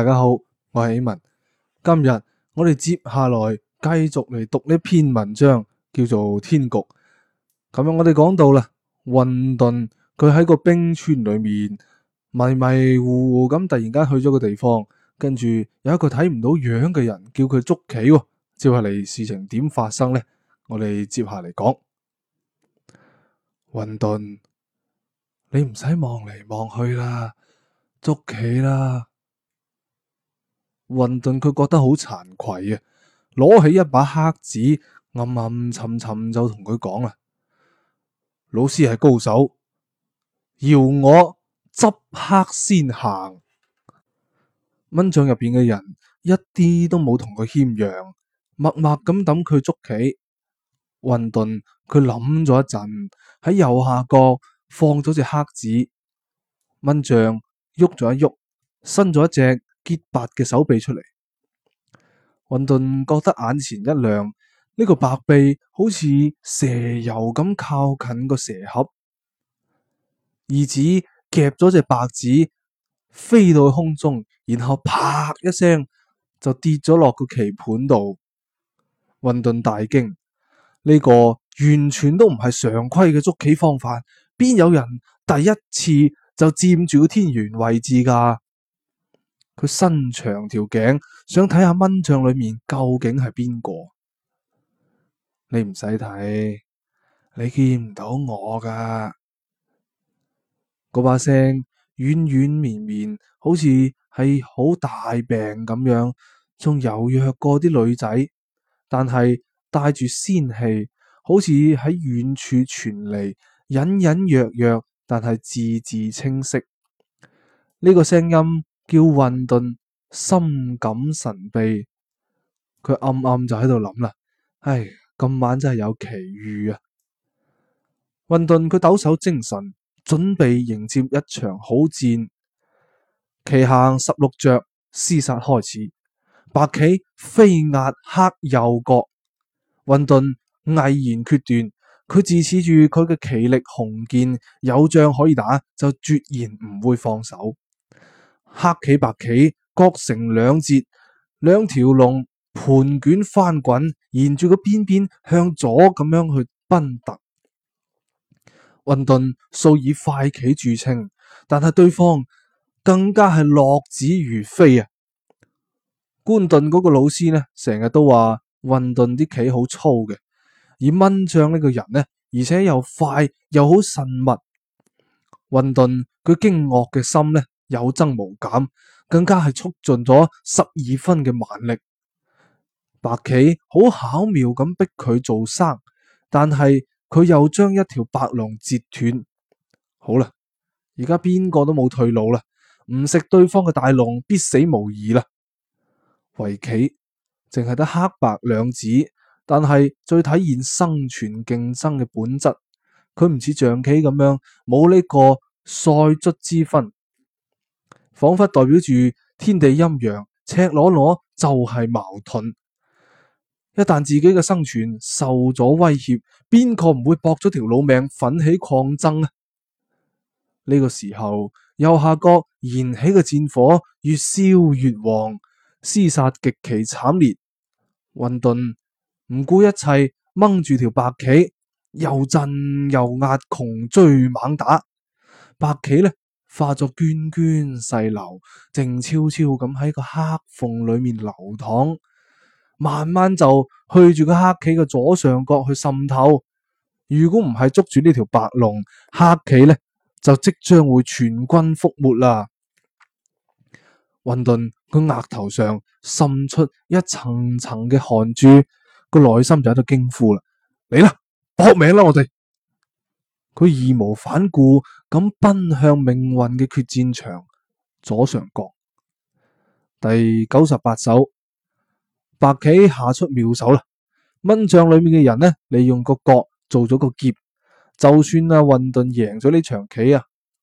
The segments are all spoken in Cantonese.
大家好，我係喜文。今日我哋接下來繼續嚟讀呢篇文章，叫做《天局》。咁樣我哋講到啦，混沌佢喺個冰川裏面迷迷糊糊咁，突然間去咗個地方，跟住有一個睇唔到樣嘅人叫佢捉棋哦。接下嚟事情點發生呢？我哋接下嚟講，混沌，你唔使望嚟望去啦，捉棋啦。混沌佢覺得好慚愧啊，攞起一把黑子，暗暗沉沉就同佢講啦：老師係高手，饒我執黑先行。蚊帳入邊嘅人一啲都冇同佢謙讓，默默咁等佢捉棋。混沌佢諗咗一陣，喺右下角放咗隻黑子，蚊帳喐咗一喐，伸咗一隻。潔白嘅手臂出嚟，混沌覺得眼前一亮，呢、這個白臂好似蛇游咁靠近個棋盒，二指夾咗隻白子飛到空中，然後啪一聲就跌咗落個棋盤度。混沌大驚，呢、這個完全都唔係常規嘅捉棋方法，邊有人第一次就佔住個天元位置噶？佢伸長條頸，想睇下蚊帳裏面究竟係邊個。你唔使睇，你見唔到我㗎。嗰把聲軟軟綿綿，好似係好大病咁樣，仲柔弱過啲女仔，但係帶住仙氣，好似喺遠處傳嚟，隱隱約約，但係字字清晰。呢、這個聲音。叫渾沌深感神秘，佢暗暗就喺度諗啦。唉，今晚真係有奇遇啊！渾沌佢抖擻精神，準備迎接一場好戰。棋行十六着，廝殺開始。白棋飛壓黑右角，渾沌毅然決斷。佢自恃住佢嘅棋力雄健，有仗可以打，就絕然唔會放手。黑棋白棋各成兩截，兩條龍盤捲翻滾，沿住個邊邊向左咁樣去奔突。混沌素以快棋著稱，但係對方更加係落子如飛啊！官莊嗰個老師呢，成日都話混沌啲棋好粗嘅，而蚊帳呢個人呢，而且又快又好縝密。混沌佢驚愕嘅心呢，有增無減，更加係促進咗十二分嘅蠻力。白棋好巧妙咁逼佢做生，但係佢又將一條白龍截斷。好啦，而家邊個都冇退路啦，唔食對方嘅大龍必死無疑啦。圍棋淨係得黑白兩子，但係最體現生存競爭嘅本質。佢唔似象棋咁樣，冇呢個帥卒之分。仿佛代表住天地陰陽，赤裸裸就係矛盾。一旦自己嘅生存受咗威脅，邊個唔會搏咗條老命奮起抗爭呢？呢個時候，右下角燃起嘅戰火越燒越旺，廝殺極其慘烈。渾沌唔顧一切，掹住條白棋，又震又壓，窮追猛打。白棋呢？化作涓涓細流，靜悄悄咁喺個黑縫裏面流淌，慢慢就去住個黑棋嘅左上角去滲透。如果唔係捉住呢條白龍，黑棋咧就即將會全軍覆沒啦。混沌佢額頭上滲出一層層嘅汗珠，個內心就喺度驚呼啦：嚟啦，搏命啦！我哋，佢義無反顧。咁奔向命運嘅決戰場，左上角第九十八手，白棋下出妙手啦！蚊帳裏面嘅人呢，利用個角做咗個劫，就算阿渾沌贏咗呢場棋啊，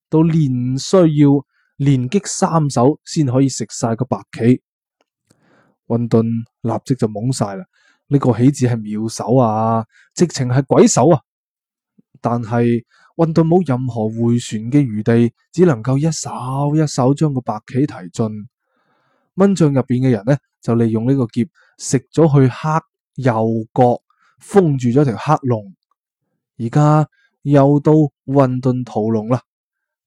都連需要連擊三手先可以食晒個白棋。渾沌立即就懵晒啦！呢、這個豈止係妙手啊，直情係鬼手啊！但係混沌冇任何回旋嘅餘地，只能夠一手一手將個白棋提進。蚊帳入邊嘅人呢，就利用呢個劫，食咗去黑右角，封住咗條黑龍。而家又到混沌屠龍啦，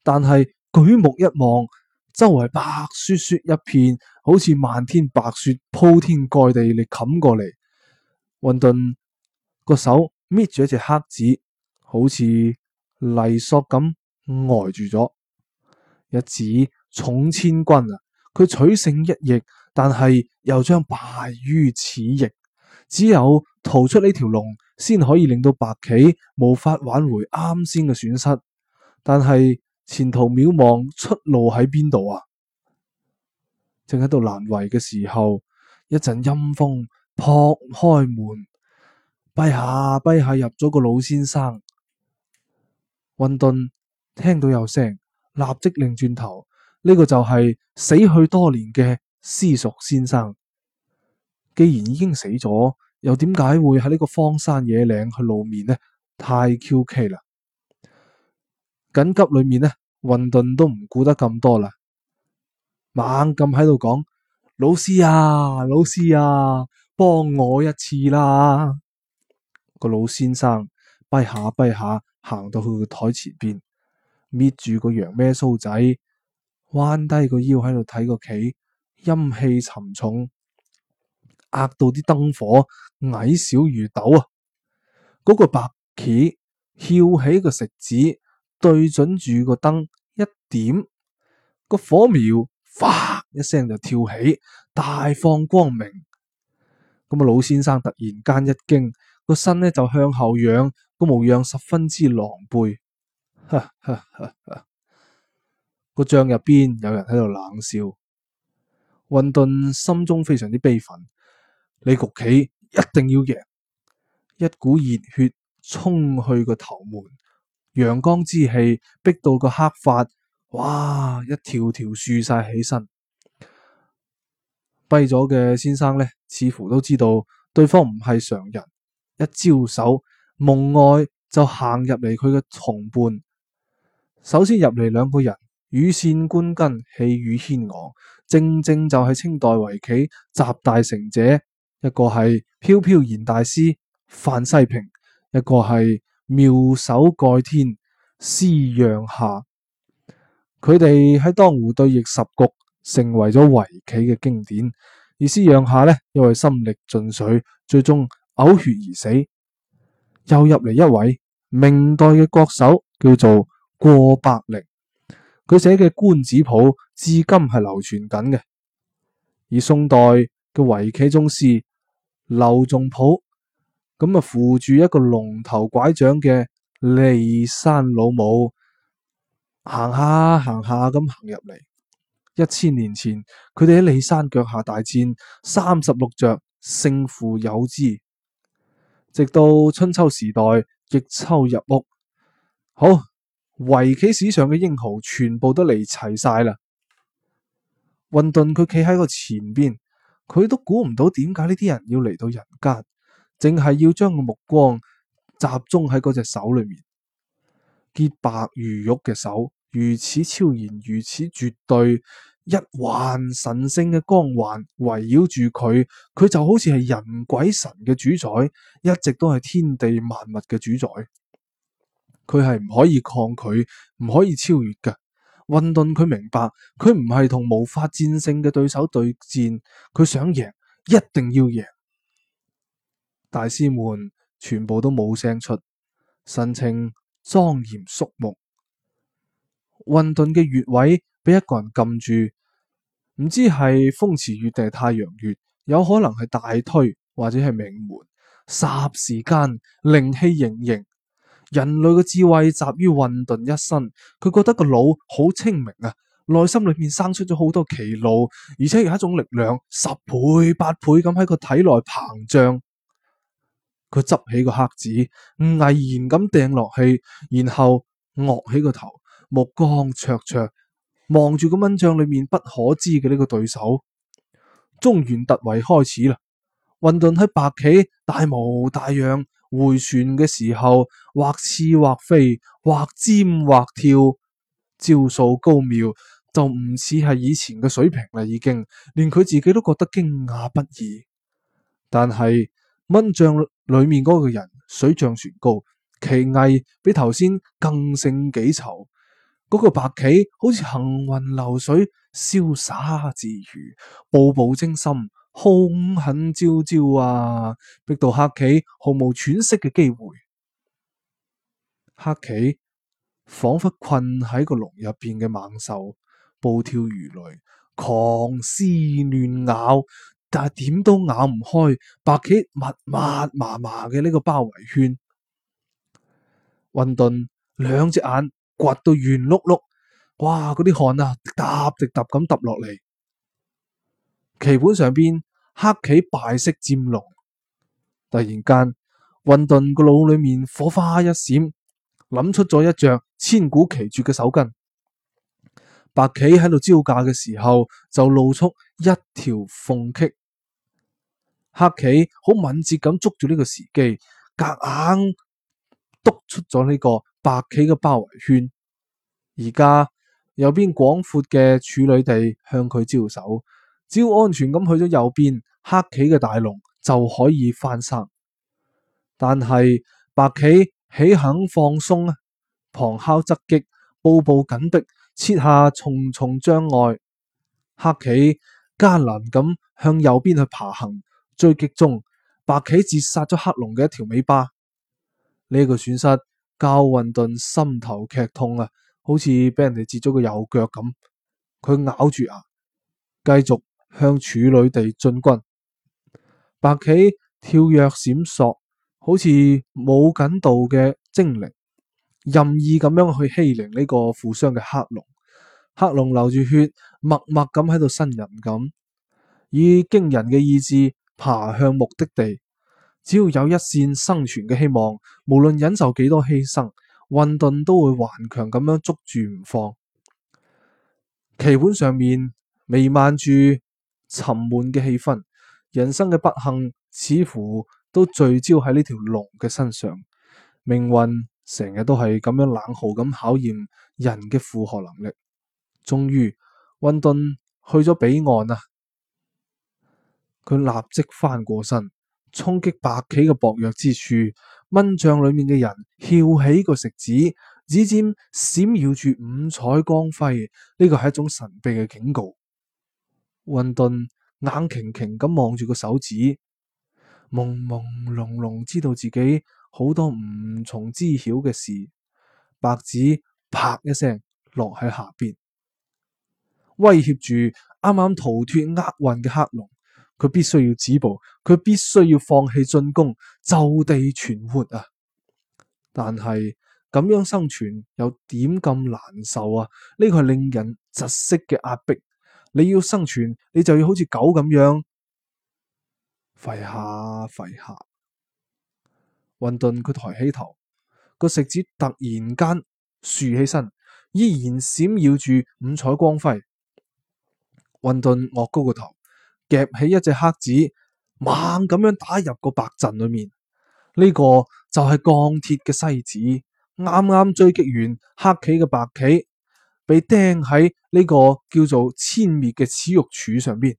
但係舉目一望，周圍白雪雪一片，好似漫天白雪鋪天蓋地嚟冚過嚟。混沌個手搣住一隻黑子，好似～泥塑咁呆住咗，一子重千鈞啊！佢取勝一役，但係又將敗於此役。只有逃出呢條龍，先可以令到白棋無法挽回啱先嘅損失。但係前途渺茫，出路喺邊度啊？正喺度難為嘅時候，一陣陰風撲開門，陛下，陛下入咗個老先生。渾沌聽到有聲，立即擰轉頭。呢個就係死去多年嘅私塾先生。既然已經死咗，又點解會喺呢個荒山野嶺去露面呢？太蹺蹊啦！緊急裏面呢，渾沌都唔顧得咁多啦，猛咁喺度講：老師啊，老師啊，幫我一次啦！個老先生。跛下跛下，行到去個枱前邊，搣住個羊咩鬚仔，彎低個腰喺度睇個棋，陰氣沉重，壓到啲燈火矮小如豆啊！嗰、那個白棋翹起個食指，對準住個燈一點，個火苗嘩一聲就跳起，大放光明。咁啊，老先生突然間一驚，個身呢就向後仰。個模樣十分之狼狽，哈哈哈哈，個帳入邊有人喺度冷笑，混沌心中非常之悲憤。呢局棋一定要贏，一股熱血衝去個頭門，陽光之氣逼到個黑髮，哇，一條條豎晒起身。跛咗嘅先生呢，似乎都知道對方唔係常人，一招手。夢外就行入嚟，佢嘅同伴首先入嚟兩個人，羽扇綸巾，氣宇軒昂，正正就係清代圍棋集大成者，一個係飄飄然大師範西屏，一個係妙手蓋天施襄夏，佢哋喺當湖對弈十局，成為咗圍棋嘅經典。而施襄夏呢，因為心力盡瘁，最終嘔血而死。又入嚟一位明代嘅國手，叫做過百齡，佢寫嘅《官子譜》至今係流傳緊嘅。而宋代嘅圍棋宗師劉仲甫，咁啊扶住一個龍頭拐杖嘅驪山老母，行下行下咁行入嚟。一千年前，佢哋喺驪山腳下大戰三十六着，勝負有之。直到春秋時代，弈秋入屋。好，圍棋史上嘅英雄全部都嚟齊晒啦。渾沌佢企喺個前邊，佢都估唔到點解呢啲人要嚟到人間，淨係要將個目光集中喺嗰隻手裏面，潔白如玉嘅手，如此超然，如此絕對。一環神聖嘅光環圍繞住佢，佢就好似係人鬼神嘅主宰，一直都係天地萬物嘅主宰。佢係唔可以抗拒，唔可以超越嘅。混沌佢明白，佢唔係同無法戰勝嘅對手對戰，佢想贏，一定要贏。大師們全部都冇聲出，神情莊嚴肅穆。混沌嘅穴位畀一個人撳住。唔知係風池穴定係太陽穴，有可能係大椎或者係命門。霎時間靈氣盈盈，人類嘅智慧集於混沌一身，佢覺得個腦好清明啊！內心裏面生出咗好多奇怒，而且有一種力量十倍八倍咁喺個體內膨脹。佢執起個黑子，毅然咁掟落去，然後昂起個頭，目光灼灼。望住個蚊帳裏面不可知嘅呢個對手，中原突圍開始啦。混沌喺白棋大模大樣回旋嘅時候，或刺或飛，或尖或跳，招數高妙，就唔似係以前嘅水平啦，已經連佢自己都覺得驚訝不已。但係蚊帳裏面嗰個人水漲船高，棋藝比頭先更勝幾籌。嗰個白棋好似行雲流水，瀟灑自如，步步精心，兇狠招招啊！逼到黑棋毫無喘息嘅機會，黑棋仿佛困喺個籠入邊嘅猛獸，暴跳如雷，狂撕亂咬，但係點都咬唔開白棋密密麻麻嘅呢個包圍圈。混沌兩隻眼。掘到圓碌碌，哇！嗰啲汗啊，滴嗒滴嗒咁揼落嚟。棋盤上邊黑棋敗色漸濃，突然間，混沌個腦裏面火花一閃，諗出咗一着千古奇絕嘅手筋。白棋喺度招架嘅時候，就露出一條縫隙，黑棋好敏捷咁捉住呢個時機，夾硬督出咗呢個。白棋嘅包圍圈，而家右邊廣闊嘅處女地向佢招手，只要安全咁去咗右邊，黑棋嘅大龍就可以翻生。但係白棋豈肯放鬆啊？旁敲側擊，步步緊逼，設下重重障礙，黑棋艱難咁向右邊去爬行。追擊中，白棋截殺咗黑龍嘅一條尾巴，呢、這個損失。教運頓心頭劇痛啊，好似俾人哋截咗個右腳咁。佢咬住牙，繼續向處女地進軍。白棋跳躍閃爍，好似舞緊蹈嘅精靈，任意咁樣去欺凌呢個負傷嘅黑龍。黑龍流住血，默默咁喺度呻吟咁，以驚人嘅意志爬向目的地。只要有一線生存嘅希望，無論忍受幾多犧牲，混沌都會頑強咁樣捉住唔放。棋盤上面彌漫住沉悶嘅氣氛，人生嘅不幸似乎都聚焦喺呢條龍嘅身上。命運成日都係咁樣冷酷咁考驗人嘅負荷能力。終於，混沌去咗彼岸啊！佢立即翻過身，沖擊白棋嘅薄弱之處，蚊帳裏面嘅人翹起個食指，指尖閃耀住五彩光輝，呢個係一種神秘嘅警告。混沌眼擎擎咁望住個手指，朦朦朧朧知道自己好多唔從知曉嘅事。白子啪一聲落喺下邊，威脅住啱啱逃脫厄運嘅黑龍。佢必須要止步，佢必須要放棄進攻，就地存活啊！但係咁樣生存又點咁難受啊？呢個係令人窒息嘅壓迫，你要生存，你就要好似狗咁樣吠下吠下。混沌，佢抬起頭，個食指突然間豎起身，依然閃耀住五彩光輝。混沌，昂高個頭。夾起一隻黑子，猛咁樣打入個白陣裏面。呢、這個就係鋼鐵嘅西子，啱啱追擊完黑棋嘅白棋，被釘喺呢個叫做殲滅嘅恥辱柱上邊。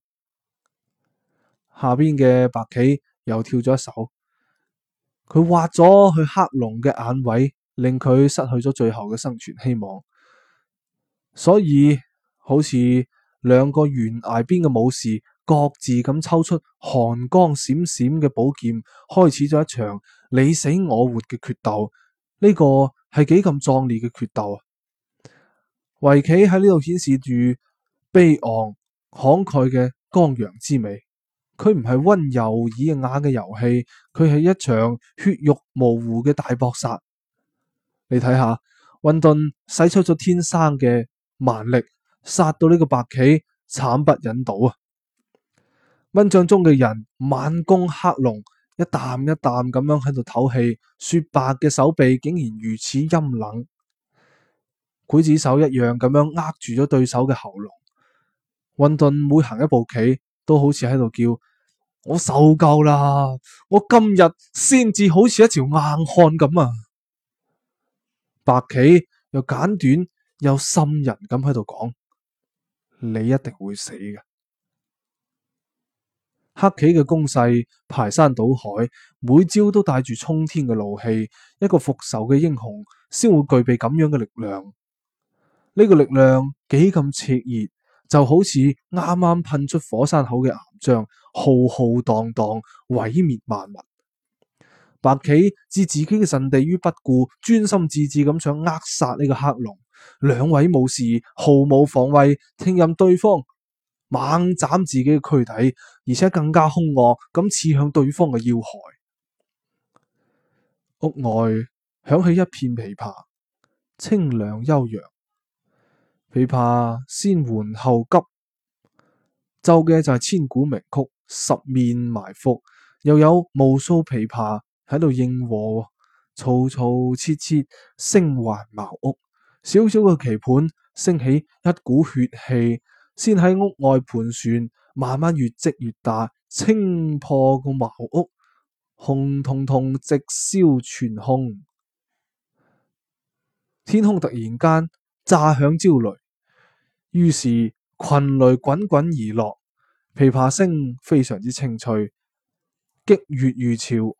下邊嘅白棋又跳咗一手，佢挖咗去黑龍嘅眼位，令佢失去咗最後嘅生存希望。所以，好似兩個懸崖邊嘅武士，各自咁抽出寒光閃閃嘅寶劍，開始咗一場你死我活嘅決鬥。呢個係幾咁壯烈嘅決鬥啊！圍棋喺呢度顯示住悲昂慷慨嘅剛陽之美，佢唔係溫柔爾雅嘅遊戲，佢係一場血肉模糊嘅大搏殺。你睇下，混沌，使出咗天生嘅蠻力，殺到呢個白棋慘不忍睹啊！蚊帳中嘅人，晚弓黑龍，一啖一啖咁樣喺度唞氣，雪白嘅手臂竟然如此陰冷，劊子手一樣咁樣握住咗對手嘅喉嚨。混沌每行一步棋，都好似喺度叫：我受夠啦！我今日先至好似一條硬漢咁啊！白棋又簡短又深人咁喺度講：你一定會死嘅。黑棋嘅攻勢排山倒海，每招都帶住衝天嘅怒氣。一個復仇嘅英雄先會具備咁樣嘅力量。呢個力量幾咁熾熱，就好似啱啱噴出火山口嘅岩漿，浩浩蕩蕩，毀滅萬物。白棋置自己嘅陣地於不顧，專心致志咁想扼殺呢個黑龍。兩位武士毫無防衛，聽任對方猛斬自己嘅軀體，而且更加凶惡咁刺向對方嘅要害。屋外響起一片琵琶，清涼悠揚。琵琶先緩後急，奏嘅就係千古名曲《十面埋伏》，又有無數琵琶喺度應和，嘈嘈切切聲環茅屋。小小嘅棋盤升起一股血氣。先喺屋外盤旋，慢慢越積越大，清破個茅屋，紅彤彤直燒全空。天空突然間炸響焦雷，於是群雷滾滾而落，琵琶聲非常之清脆，激越如潮，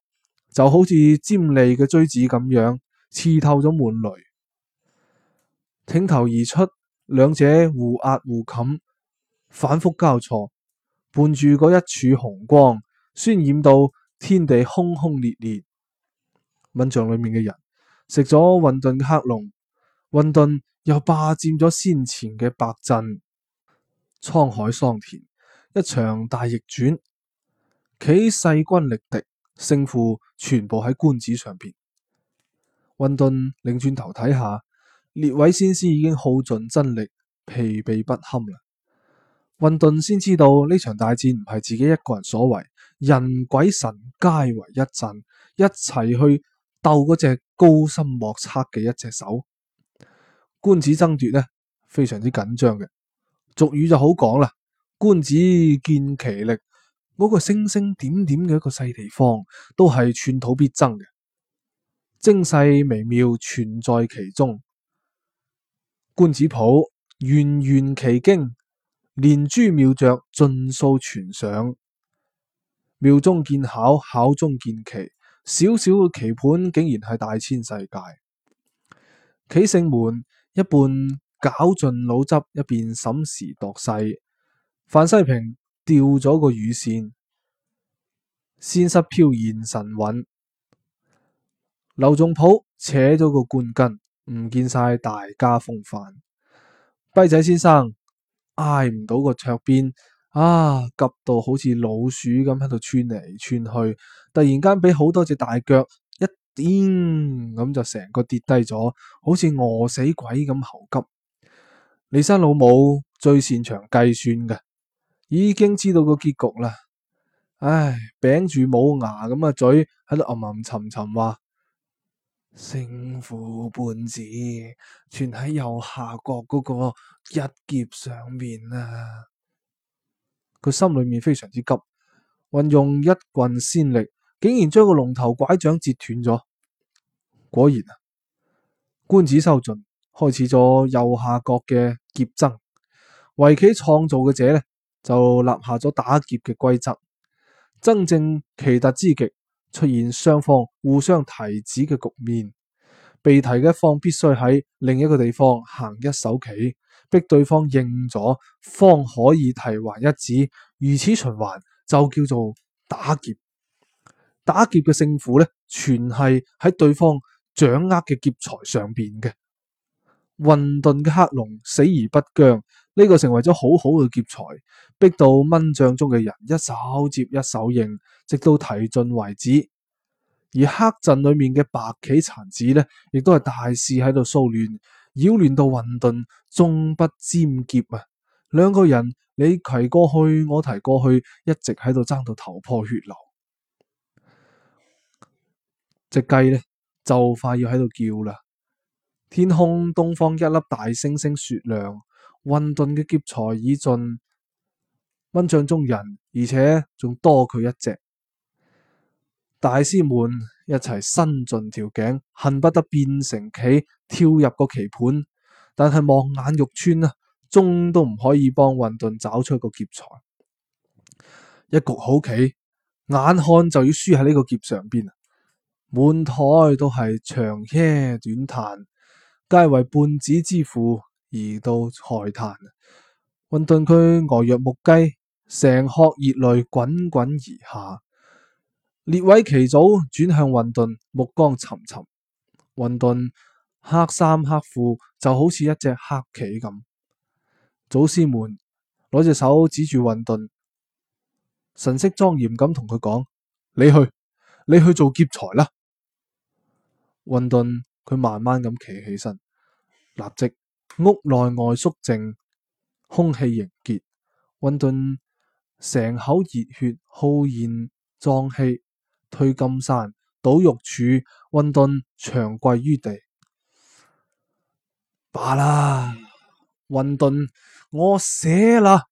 就好似尖利嘅錐子咁樣刺透咗悶雷，挺頭而出。兩者互壓互冚，反覆交錯，伴住嗰一柱紅光，渲染到天地轟轟烈烈。蚊帳裏面嘅人食咗混沌嘅黑龍，混沌又霸佔咗先前嘅白陣，滄海桑田，一場大逆轉，企勢均力敵，勝負全部喺官子上邊。混沌擰轉頭睇下。列位先師已經耗盡真力，疲憊不堪啦。渾沌先知道呢場大戰唔係自己一個人所為，人鬼神皆為一陣，一齊去鬥嗰隻高深莫測嘅一隻手。官子爭奪呢，非常之緊張嘅，俗語就好講啦。官子見其力，嗰、那個星星點點嘅一個細地方都係寸土必爭嘅，精細微妙存在其中。官子譜，玄玄棋經，連珠妙着盡數傳上。妙中見巧，巧中見奇。小小嘅棋盤竟然係大千世界。棋聖們，一半絞盡腦汁，一邊審時度勢。范西平掉咗個羽扇，仙失飄然神韻。劉仲甫扯咗個冠巾。唔見晒大家風範，跛仔先生挨唔到個桌邊啊！急到好似老鼠咁喺度竄嚟竄去，突然間俾好多隻大腳一顛，咁就成個跌低咗，好似餓死鬼咁猴急。李生老母最擅長計算嘅，已經知道個結局啦。唉，餅住冇牙咁嘅嘴喺度吟吟沉沉話。勝負半子存喺右下角嗰個一劫上面啊！佢心裏面非常之急，運用一棍先力，竟然將個龍頭拐杖截斷咗。果然啊，官子收盡，開始咗右下角嘅劫爭。圍棋創造嘅者呢，就立下咗打劫嘅規則，真正奇特之極。出現雙方互相提子嘅局面，被提嘅一方必須喺另一個地方行一手棋，逼對方應咗，方可以提還一子。如此循環就叫做打劫。打劫嘅勝負呢，全係喺對方掌握嘅劫材上邊嘅。混沌嘅黑龍死而不僵，呢、這個成為咗好好嘅劫材，逼到蚊帳中嘅人一手接一手應，直到提盡為止。而黑陣裏面嘅白棋殘子呢，亦都係大肆喺度騷亂，擾亂到混沌終不沾劫啊！兩個人你提過去，我提過去，一直喺度爭到頭破血流，隻雞呢，就快要喺度叫啦。天空東方一粒大星星雪亮，混沌嘅劫材已盡，蚊帳中人而且仲多佢一隻，大師們一齊伸盡條頸，恨不得變成棋跳入個棋盤，但係望眼欲穿啊，終都唔可以幫混沌找出個劫材，一局好棋，眼看就要輸喺呢個劫上邊啊，滿台都係長噓短嘆。皆為半子之父而到財壇，混沌佢呆若木雞，成殼熱淚滾滾而下。列位其祖轉向混沌，目光沉沉。混沌黑衫黑褲就好似一隻黑棋咁。祖師們攞隻手指住混沌，神色莊嚴咁同佢講：你去，你去做劫財啦。混沌。佢慢慢咁企起身，立即屋內外肅靜，空氣凝結。混沌成口熱血浩然壯氣，推金山倒玉柱，混沌長跪於地。罷啦，混沌，我死啦！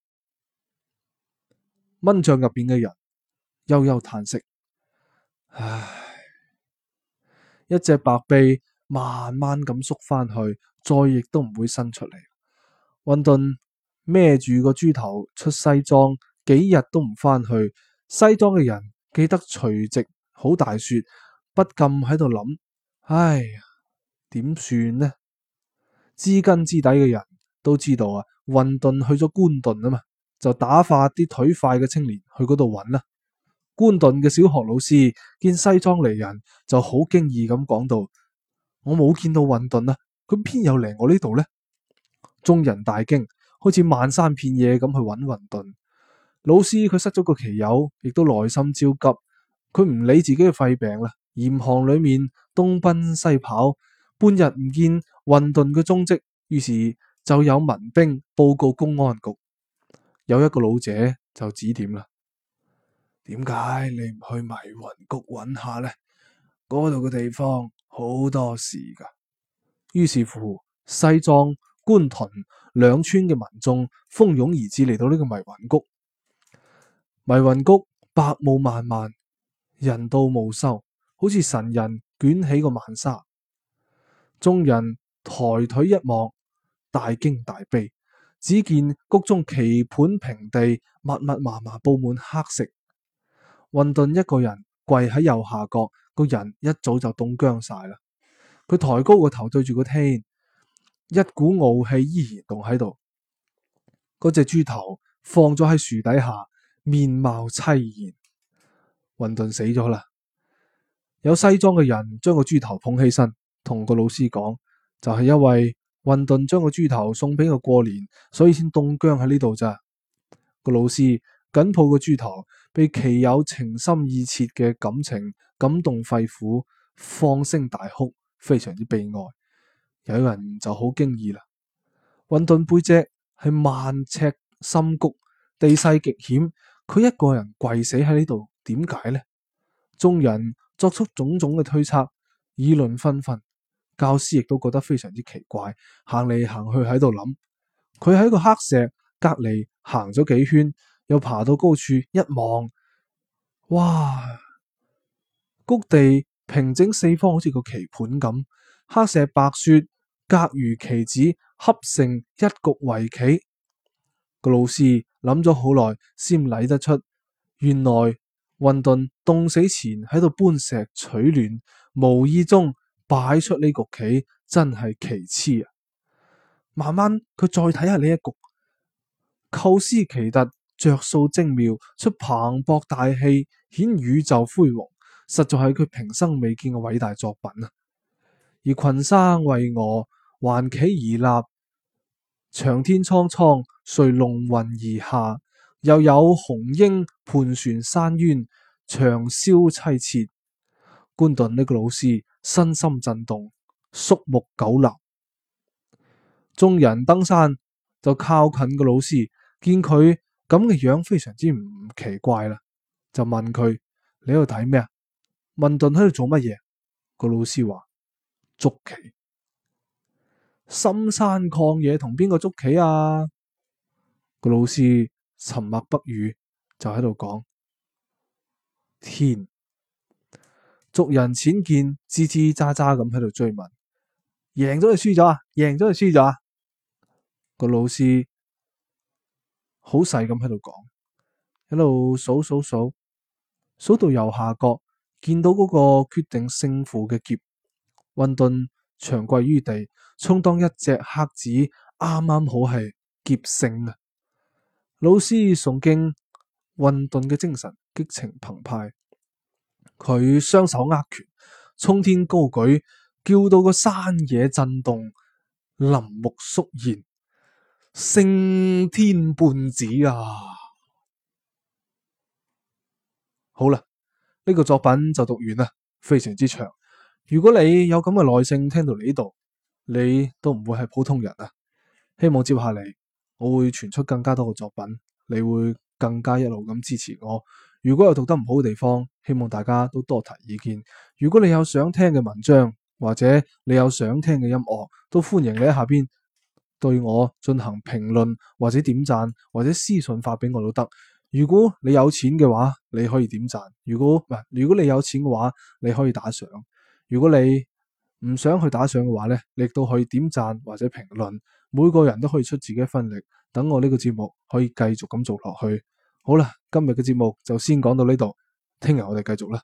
蚊帳入邊嘅人幽幽嘆息：唉，一隻白臂。慢慢咁縮翻去，再亦都唔會伸出嚟。混沌孭住個豬頭出西莊，幾日都唔翻去。西莊嘅人記得除夕好大雪，不禁喺度諗：唉，點算呢？知根知底嘅人都知道啊，混沌去咗官莊啊嘛，就打發啲腿快嘅青年去嗰度揾啦。官莊嘅小學老師見西莊嚟人就驚，就好驚異咁講道。我冇見到渾沌啊，佢邊有嚟我呢度呢？眾人大驚，開始漫山遍野咁去揾渾沌。老師佢失咗個棋友，亦都內心焦急。佢唔理自己嘅肺病啦，嚴寒裏面東奔西跑，半日唔見渾沌嘅蹤跡。於是就有民兵報告公安局。有一個老者就指點啦：「點解你唔去迷魂谷揾下呢？」嗰度嘅地方好多事噶，於是乎，西藏官屯兩村嘅民眾蜂擁而至，嚟到呢個迷雲谷。迷雲谷白霧漫漫，人道無收，好似神人捲起個萬沙。眾人抬腿一望，大驚大悲，只見谷中棋盤平地密密麻麻布滿黑色。混沌一個人跪喺右下角。個人一早就凍僵晒啦，佢抬高個頭對住個天，一股傲氣依然凍喺度。嗰隻豬頭放咗喺樹底下，面貌淒然。混沌死咗啦！有西裝嘅人將個豬頭捧起身，同個老師講，就係、是、因為混沌將個豬頭送俾我過年，所以先凍僵喺呢度咋。個老師。緊抱個豬頭，被其友情深意切嘅感情感動肺腑，放聲大哭，非常之悲哀。有人就好驚異啦！渾沌背脊係萬尺深谷，地勢極險，佢一個人跪死喺呢度，點解呢？眾人作出種種嘅推測，議論紛紛。教師亦都覺得非常之奇怪，行嚟行去喺度諗，佢喺個黑石隔籬行咗幾圈。又爬到高處一望，哇！谷地平整四方，好似個棋盤咁，黑石白雪隔如棋子，恰成一局圍棋。個老師諗咗好耐，先理得出，原來混沌凍死前喺度搬石取暖，無意中擺出呢局棋，真係奇痴啊！慢慢佢再睇下呢一局，構思奇特，着數精妙，出磅礴大氣，顯宇宙輝煌，實在係佢平生未見嘅偉大作品啊！而群山為我環企而立，長天蒼蒼，垂龍雲而下，又有雄鷹盤旋山淵，長嘯凄切。渾沌呢個老師身心震動，肅穆久立。眾人登山就靠近個老師，見佢。咁嘅樣，樣非常之唔奇怪啦，就問佢，你喺度睇咩啊？渾沌喺度做乜嘢？個老師話捉棋，深山曠野同邊個捉棋啊？個老師沉默不語，就喺度講天，族人淺見，吱吱喳喳咁喺度追問，贏咗就輸咗啊？贏咗就輸咗啊？個老師好細咁喺度講，喺度數數數，數到右下角見到嗰個決定勝負嘅劫，混沌長跪於地，充當一隻黑子，啱啱好係劫勝啊！老師崇敬混沌嘅精神激情澎湃，佢雙手握拳，衝天高舉，叫到個山野震動，林木肅然。勝天半子啊！好啦，呢個作品就讀完啦，非常之長。如果你有咁嘅耐性聽到你呢度，你都唔會係普通人啊！希望接下嚟我會傳出更加多嘅作品，你會更加一路咁支持我。如果有讀得唔好嘅地方，希望大家都多提意見。如果你有想聽嘅文章或者你有想聽嘅音樂，都歡迎你喺下邊對我進行評論或者點讚或者私信發俾我都得。如果你有錢嘅話，你可以點讚；如果唔係，如果你有錢嘅話，你可以打賞。如果你唔想去打賞嘅話咧，你亦都可以點讚或者評論。每個人都可以出自己一份力，等我呢個節目可以繼續咁做落去。好啦，今日嘅節目就先講到呢度，聽日我哋繼續啦。